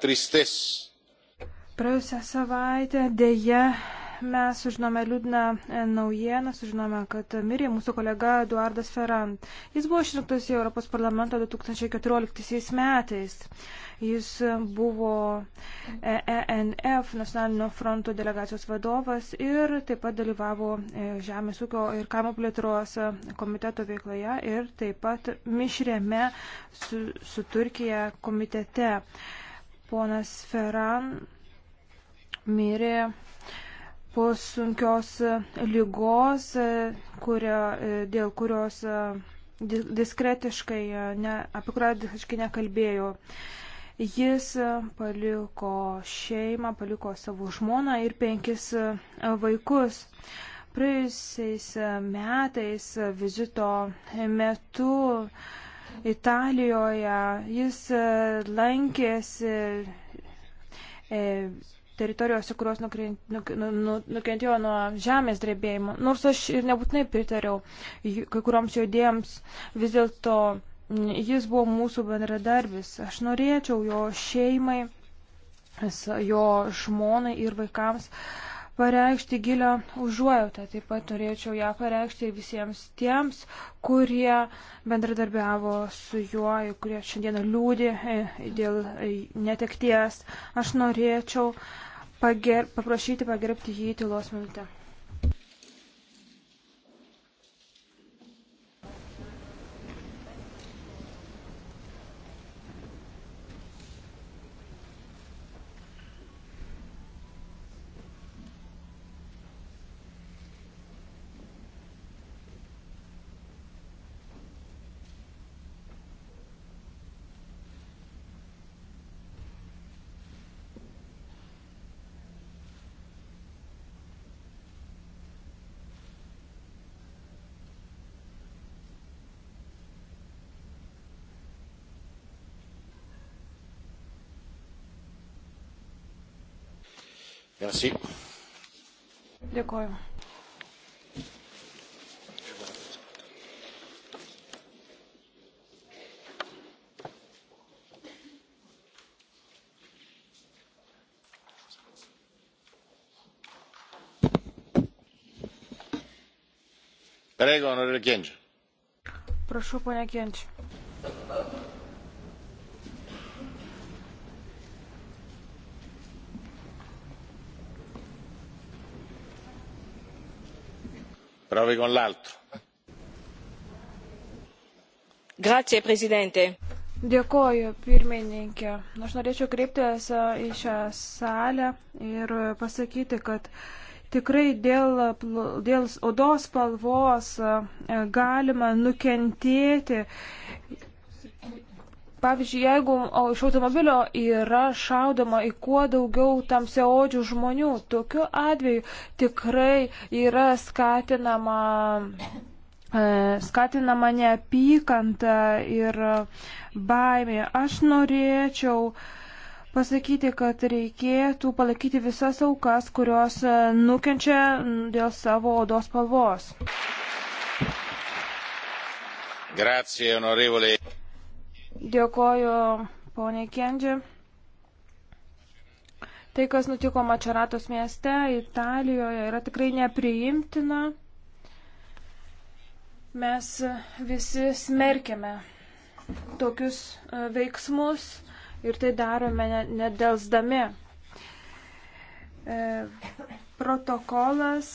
tristesse. Uh, Praėjusią savaitę dėje mes sužinome liūdną e, naujieną, sužinome, kad mirė mūsų kolega Eduardas Ferrand. Jis buvo išrinktas į Europos parlamentą 2014 metais. Jis buvo ENF e nacionalinio fronto delegacijos vadovas ir taip pat dalyvavo e, Žemės ūkio ir kaimo plėtros komiteto veikloje ir taip pat mišrėme su, su Turkija komitete. Ponas Ferran mirė po sunkios lygos, kurio, dėl kurios e, diskretiškai, e, ne, apie kurią diskretiškai nekalbėjau. Jis e, paliko šeimą, paliko savo žmoną ir penkis vaikus. Praėjusiais metais vizito metu uh, Italijoje. Jis e, lankėsi e, teritorijose, kurios nu-, nu-, nukentėjo nuo žemės drebėjimo. Nors aš ir nebūtinai pritariau kai kuriuoms jo idėjams, vis dėlto jis buvo mūsų bendradarbis. Aš norėčiau jo šeimai, jo žmonai ir vaikams uh, pareikšti gilę užuojautą. Taip pat norėčiau ją pareikšti ir visiems tiems, kurie bendradarbiavo su juo ir kurie šiandieną liūdė e, dėl e, netekties. Aš norėčiau pager paprašyti pagerbti jį tylos minutę. Merci. Dėkuoju. Prašau, ponia Kenčia. provi con l'altro. Grazie, prezidente. Dėkoju, pirmininkė. Aš norėčiau kreiptis į šią salę ir pasakyti, kad tikrai dėl, dėl odos spalvos e, galima nukentėti Pavyzdžiui, jeigu iš automobilio yra šaudoma į kuo daugiau tamsiaodžių žmonių, tokiu atveju tikrai yra skatinama, e, skatinama neapykanta ir baimė. Aš norėčiau pasakyti, kad reikėtų palaikyti visas aukas, kurios e, nukenčia dėl savo odos spalvos. Grazie, onorevole. Dėkoju poniai Kendžiui. Tai, kas nutiko Mačeratos mieste, Italijoje, yra tikrai nepriimtina. Mes visi smerkėme tokius e, veiksmus ir tai darome nedelsdami. E, protokolas